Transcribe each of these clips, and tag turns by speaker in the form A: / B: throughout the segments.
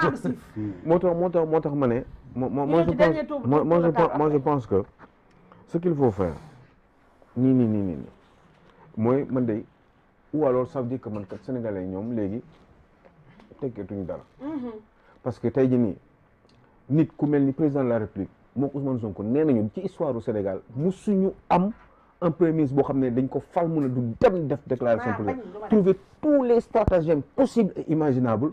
A: Moi, moi je pense que ce qu'il faut faire ni ni ni ni moi ou alors ça veut dire que man sénégalais mhm. parce que tu président de la république Ousmane Sonko histoire au Sénégal nous am. un premier ministre déclaration trouver tous les stratagèmes possibles imaginables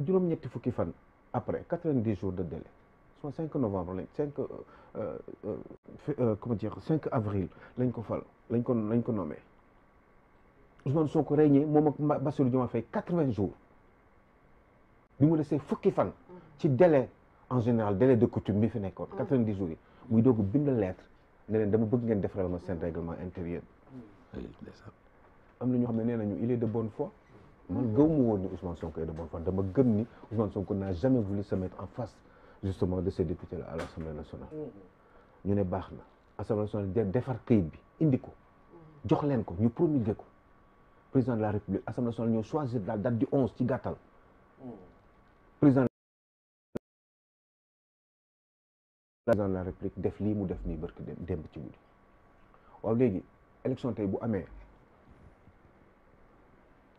A: juróom-ñetti fukki fan après 90 jours de délai soit 5 novembre lañ 5 euh, euh, euh, comment dire 5 avril lañ ko fal lañ ko lañ ko nommé Ousmane Sonko régné mom ak Bassirou Diomaye fay 80 jours bi mu desee fukki fan ci délai en général délai de coutume bi fi nekkoon 90 mm. jours muy dogu bind lettre ne leen dama bëgg ngeen defaral ma règlement intérieur mm. am na ñu xamné nañu il est de bonne foi man gëw mu Ousmane Sonko est de bonne foi dama gëm ni Ousmane Sonko n'a jamais voulu se mettre en face justement de ces députés là à l'Assemblée nationale mm-hmm. ñu ne baax na Assemblée nationale defar këyit bi indi ko mm-hmm. jox leen ko ñu ko président de la République Assemblée nationale ñoo choisir la date du 11, ci gàttal
B: mm-hmm.
A: président président de la République def lii mu def nii barki démb ci guddi waaw léegi élection tey bu amee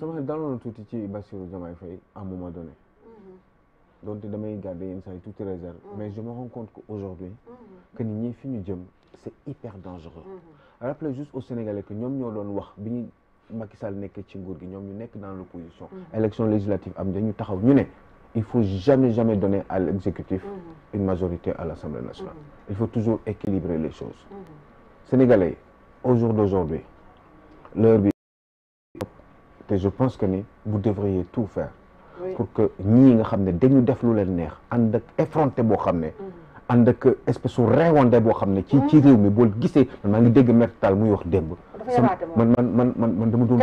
A: dans xel dans na tout ci Bassirou Diomaye Faye à un moment donné mm-hmm. donc damay garder une saa toute réserve mm-hmm. mais je me rends compte que aujourd'hui mm-hmm. que nit ñi fi c'est hyper dangereux rappelez juste aux Sénégalais que ñoom ñoo doon wax bi Macky Sall nekk ci nguur gi ñoom ñu dans l'opposition élection législative am dañu taxaw ñu ne il faut jamais jamais donner à l'exécutif une majorité à l'Assemblée nationale il faut toujours équilibrer les choses Sénégalais au jour d'aujourd'hui l'heure je pense que vous devriez tout faire pour que nous nga xamné ne dañu def lu leen neex and ak effronté bo xamné ne mhm. ak espèce su bo xamné ci ci réew mi bo gissé man dégg muy wax demb man man man man dama doon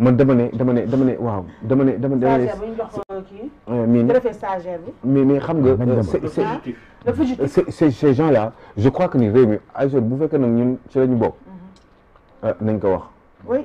A: man dama dama dama dama dama c'est ces gens là je crois que ni réew mi ay bu nous ñun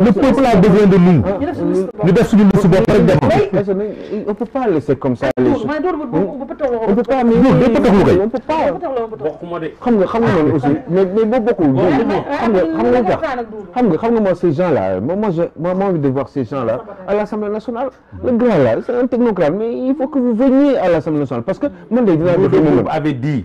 A: le peuple a besoin de nous. Ah, nous devons nous souvenir. On ne peut pas laisser comme ça les choses. On
B: ne peut pas. on ne peut pas. On ne peut pas. nga xam nga aussi
A: mais mais beaucoup nga nga euh, ces gens là moi moi j'ai envie de voir ces gens là à l'Assemblée nationale le grand là c'est un technocrate mais il faut que vous veniez à l'Assemblée nationale parce que moi les gens avait dit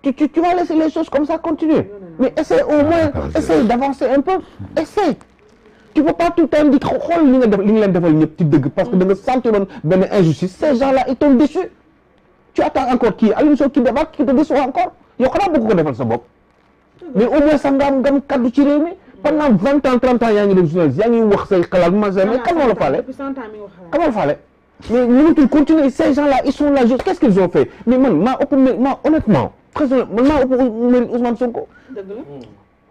A: Tu, tu, tu, vas laisser les choses comme ça continuer. Mais essaye au ah, moins, ah, d'avancer un peu. Essaye. Tu ne peux pas tout le temps dire, oh, oh, parce que dans le centre ben injustice, ces gens-là, ils tombent déçus. Tu attends encore qui allume Sow qui débarque, qui te déçoit encore. Il y a beaucoup de ça Mais au moins, ça a un cadre tiré. Pendant 20 ans, 30 ans, il y a des journalistes, il y a des gens qui mais comment le fallait Comment le fallait Mais nous, tu continues, ces gens-là, ils sont là juste. Qu'est-ce qu'ils ont fait Mais moi, honnêtement, xëy man maa ëpp mérite Ousmane Sonko. dëgg la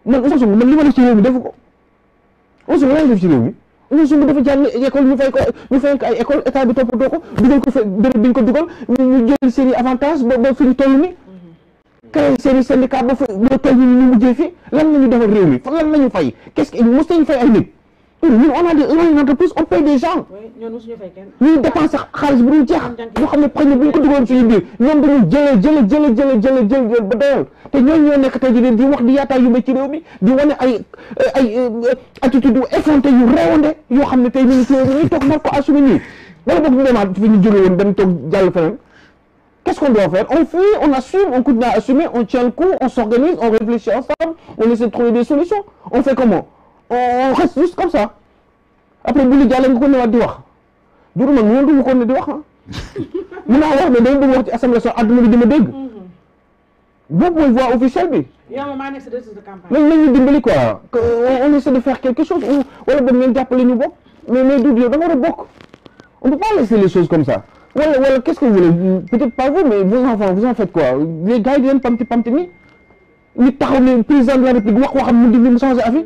A: man hmm. Ousmane man li ma def ci réew mi defu ko Ousmane lan def ci réew mi Ousmane Sonko dafa jàng école ñu fay ko ñu fay ko ay école état bi toppatoo ko dugal ko fa béréb bi dugal ñu jël seen avantage ba ba fi ñu toll ni hmm. créé seen i syndicat ba fa ba toll ñu mujjee fi lan la ñu réew mi fan lan la ñu fay qu'est-ce que mos nañu fay ay nit. on a des on a une entreprise on des gens. Oui, nous nous Nous qu'on doit faire On fuit, on assume, on on tient coup, on s'organise, on réfléchit ensemble, on essaie trouver des solutions. On fait comment on reste juste comme ça après bu ñu jàllee nga ko newaat di wax jur man ñoom duma ko ne di wax ah mun naa wax ne dama bëgg wax ci assemblée so àdduna bi dima dégg boobu mooy voix officielle bi
B: nañ nañu
A: dimbali quoi on essaie de faire quelque chose eh, wala boog ngeen jàppale ñu bokk mais mais duud yow da nga war a bokk on peut pas laisser les choses comme ça wala wala qu'est-ce que kan vous voulez peut-être pas vous mais vos enfants vous en faites quoi les gars yi di leen pamti pamti ni nit taxaw ne président de la république wax waxam mu di mu changer avis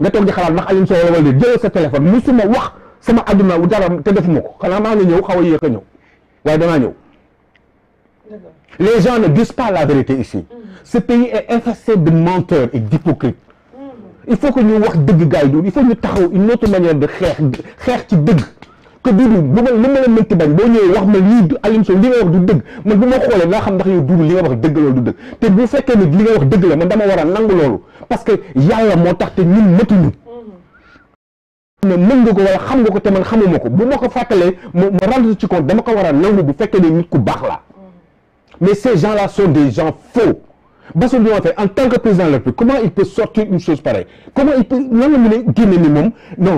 A: nga tok di xalaat ndax Alioune Seye wala déet jëlal sa téléphone musuma wax sama aduna wu dara te defuma ko xanaa maa ngi ñëw xaw a yéex a ñëw waaye les gens ne disent pas la vérité ici. Mm-hmm. ce pays est infesté de menteurs et d'hypocrites. Mm-hmm. il faut que ñu wax dëgg gaay yi il faut ñu taxaw une autre manière de xex xex ci dëgg que Doudou lu ma lu ma la mënti bañ boo ñëwee wax ma lii Alioune Sow li nga wax du dëgg man bu ma xoolee naa xam ndax yow Doudou li nga wax dëgg loolu du dëgg te bu fekkee ne li nga wax dëgg la man dama war a nangu loolu parce que yàlla moo tax te ñun mëtuñu ne mën nga ko wala xam nga ko te man xamuma ko bu ma ko fàttalee ma ma rendre ci compte dama ko war a nangu bu fekkee ne nit ku baax la mais ces gens là sont des gens faux Bassirou Diomaye Faye en tant que président de la République comment il peut sortir une chose pareille comment il peut nan la mën a génne ni moom non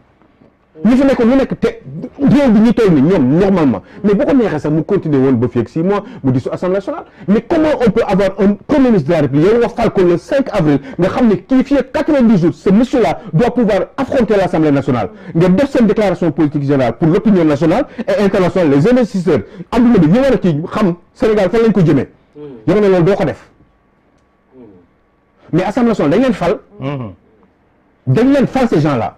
A: Nous fi que nous nekk te réew bi ñu normalement mais pourquoi ko continue à mu continuer ba mois mu di assemblée nationale mais comment on peut avoir un premier ministre de la république yow nga fal le 5 avril nga xam ne kii 90 jours ce monsieur là doit pouvoir affronter l'Assemblée nationale Il y a seen déclaration politique générale pour l'opinion nationale et internationale les investisseurs adduna bi ñu a ci xam Sénégal Il lañ ko jëmee mm-hmm. yow ne loolu doo ko mm-hmm. mais l'Assemblée nationale dañ leen fal mm-hmm. dañ ces gens là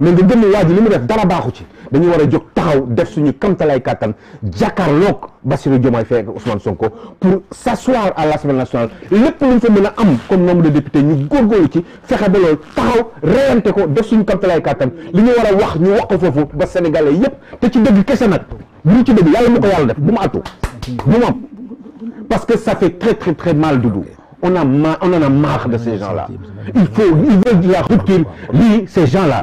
A: mais nga gëm ne waa li mu def dara baaxu ci dañu wara jog taxaw def suñu kamtalay kàttan jàkkaarloog Bassirou Diomaye Faye ak Ousmane Sonko pour s'asseoir à l'Assemblée nationale lépp lu ñu fa mën am comme nombre de députés ñu gorgolu ci fexe ba loolu taxaw réenté ko def suñu kamtalay katan li ñu war wax ñu wax ko foofu ba sénégalais yépp té ci dëgg kese nak bu ñu ci dëgg yalla mu ko yalla def bu ma attu bu ma parce que ça fait très très très mal Doudou on a ma on en a marre de ces gens là il faut il veut de la rupture lii ces gens là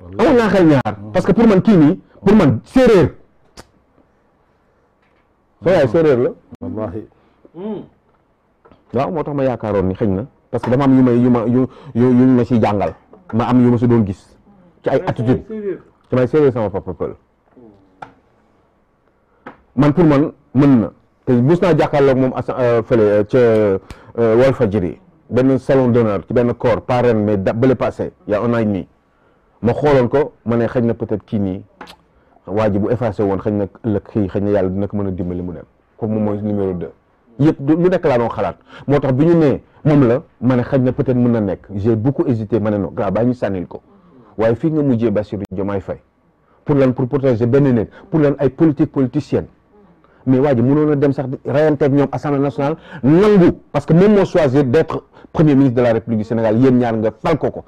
A: amul naa xel ñaar mm. parce que pour man kii nii pour man séeréer sa mm. yaay séeréer la wallahi mm. waaw moo ma yaakaaroon ni xëy na parce que dama am yuma yuma yu ma ma si jàngal ma am yuma ma si doon gis ci ay attitude damay séeréer sama papa pël man pour man mën na te bus naa jàkkaarloog moom as euh, fële euh, ca euh, Walfadjri benn salon d'honneur ci benn corps pas ren mais da bële passé y a un an Je xooloon ko je ne xëy na peut-être kii nii waa ji bu effacé woon xëy dina ko dimbali dem numéro deux yëpp lu nekk la peut-être j'ai beaucoup hésité ne non gaa ko nga pour lan pour protéger benn nit pour lan ay politique mais waa a dem sax nationale parce que même moo choisir d'être premier ministre de la république du Sénégal yéen ñaar nga fal ko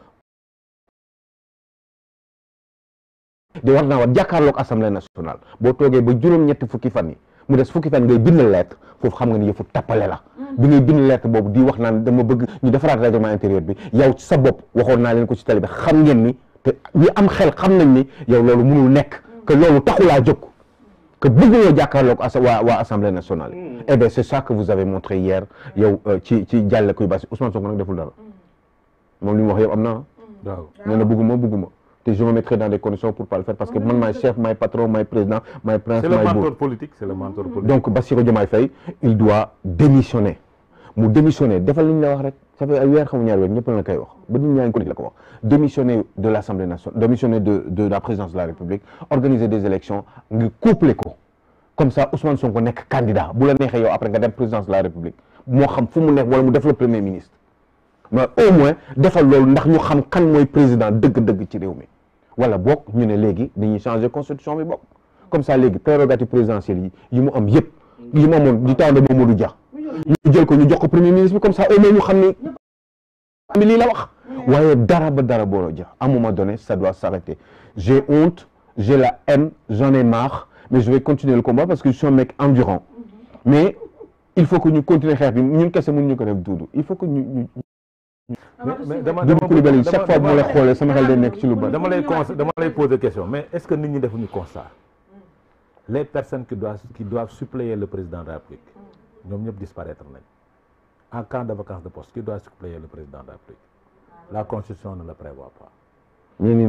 A: de war naa war jàkkaarloog assemblée nationale boo toogee ba juróom-ñetti fukki fan yi mu des fukki fan ngay bind lettre foofu xam nga ni tappale la mm. bi ngay bind lettre boobu di wax naan dama bëgg ñu defaraat règlement intérieur bi yow sa bopp waxoon naa leen ko ci tali xam ngeen ni te ñi am xel xam nañ ni yow loolu mënul nekk mm. que loolu taxulaa jóg que bëgg ñoo waa waa assemblée nationale mm. eh bien c'est ça que vous avez montré hier yow euh, ci ci jàlle kuy basi Ousmane Sonko nag deful dara moom li wax yëpp am na waaw na bëgguma bëgguma Et je me mettrai dans des conditions pour pas le faire parce que mon maire chef mon patron mon président mon prince maay c'est le mentor politique c'est le mentor politique. donc Bassirou Diomaye Faye il doit démissionner mu démissionner defal la wax rek ça fait ay weer xamu ñaar la koy wax ba nit ñaa la démissionner de l'Assemblée nationale démissionner de de la présidence de la République organiser des élections couper les ko comme ça Ousmane Sonko que candidat bu la neexee après nga présidence de la République moi, xam fu mu wala mu def le premier ministre mais au moins defal lol ndax ñu xam président Voilà, ci mi wala changer constitution comme ça légui prérogative présidentielle yi yi am yi di ñu ko ñu jox premier ministre comme ça au moins ñu xam ni mi la wax waye dara ba dara un moment donné ça doit s'arrêter j'ai honte j'ai la haine j'en ai marre mais je vais continuer le combat parce que je suis un mec endurant mais il faut que Nous continuer ko def il faut que mais dama dama chaque fois questions, mais est-ce que sommes devenus comme ça les personnes qui doivent qui suppléer le président de la République nous mm. ñëpp disparaître en cas de vacances de poste qui doit suppléer le président de la République la ah, constitution ne le prévoit pas. Ni ni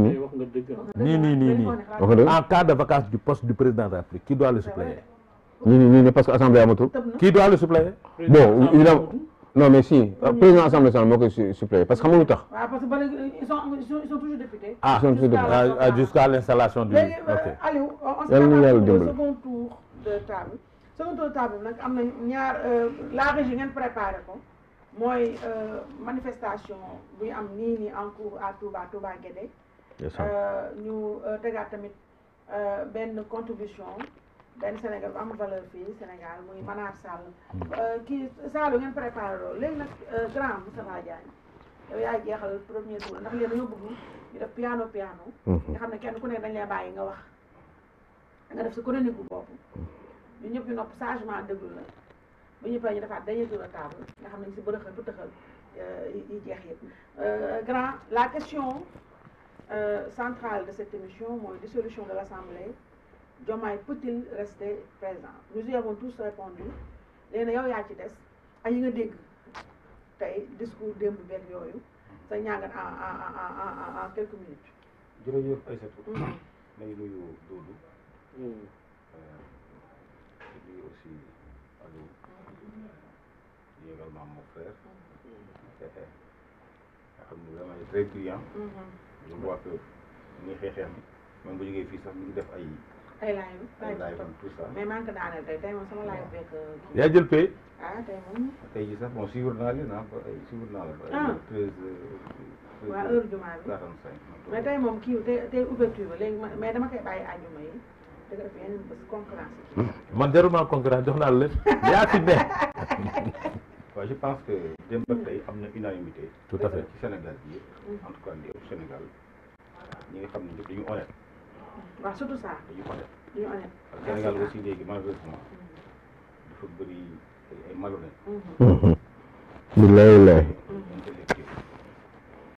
A: ni en cas de vacances du poste du président de la République qui doit le suppléer. Ni ni parce que assemblée qui doit le suppléer. bon a non mais si euh, président ensemble nationale moo koy parce que
B: ah, parce que mon ils sont ils sont toujours députés. ah ils ah, jusqu'à
A: l'installation du. ok euh,
B: allez, on se retrouve au second tour de table. second tour de table Donc a... Euh, la région ngeen prépare, ko une manifestation qui am ni en cours à Touba Touba Guédé. Nous avons tamit une contribution. benn Sénégal bu am valeur fii Sénégal muy mm. Manar Sall. Mm. Euh, kii Sall ngeen préparé loolu léegi nag euh, grand Moustapha Diagne yow yaay jeexal premier tour ndax léegi dañoo bëgg ñu def piano piano. Mm-hmm. nga xam ne kenn ku ne dañ lee bàyyi nga wax nga def si chronique bu bopp. Mm-hmm. ñu ñëpp ñu nopp sagement déglu la bu ñu paree ñu defaat dañuy tour a table nga xam ne ñu si bërëxal bu tëxal euh, yi jeex yëpp grand la question centrale de cette émission mooy dissolution de l' assemblée. peut-il rester présent nous y avons tous répondu Il ci ah, discours de sa quelques minutes.
A: Je mm. mm. euh, aussi mm. également mon frère. très client. Mm-hmm. je vois que même
B: मैं तो ये मम्मी की उते ते उबे मैं तो मैं बाय आज जुमाई तेरे
A: मंदिर में कांग्रेस जो ना ले यार सिद्ध Bah, je pense que Dembélé a une unanimité. Tout à fait. Sénégal, en tout cas, au Sénégal, nous sommes honnêtes. waaw surtout ça. dañu ko def dañu honnête. parce que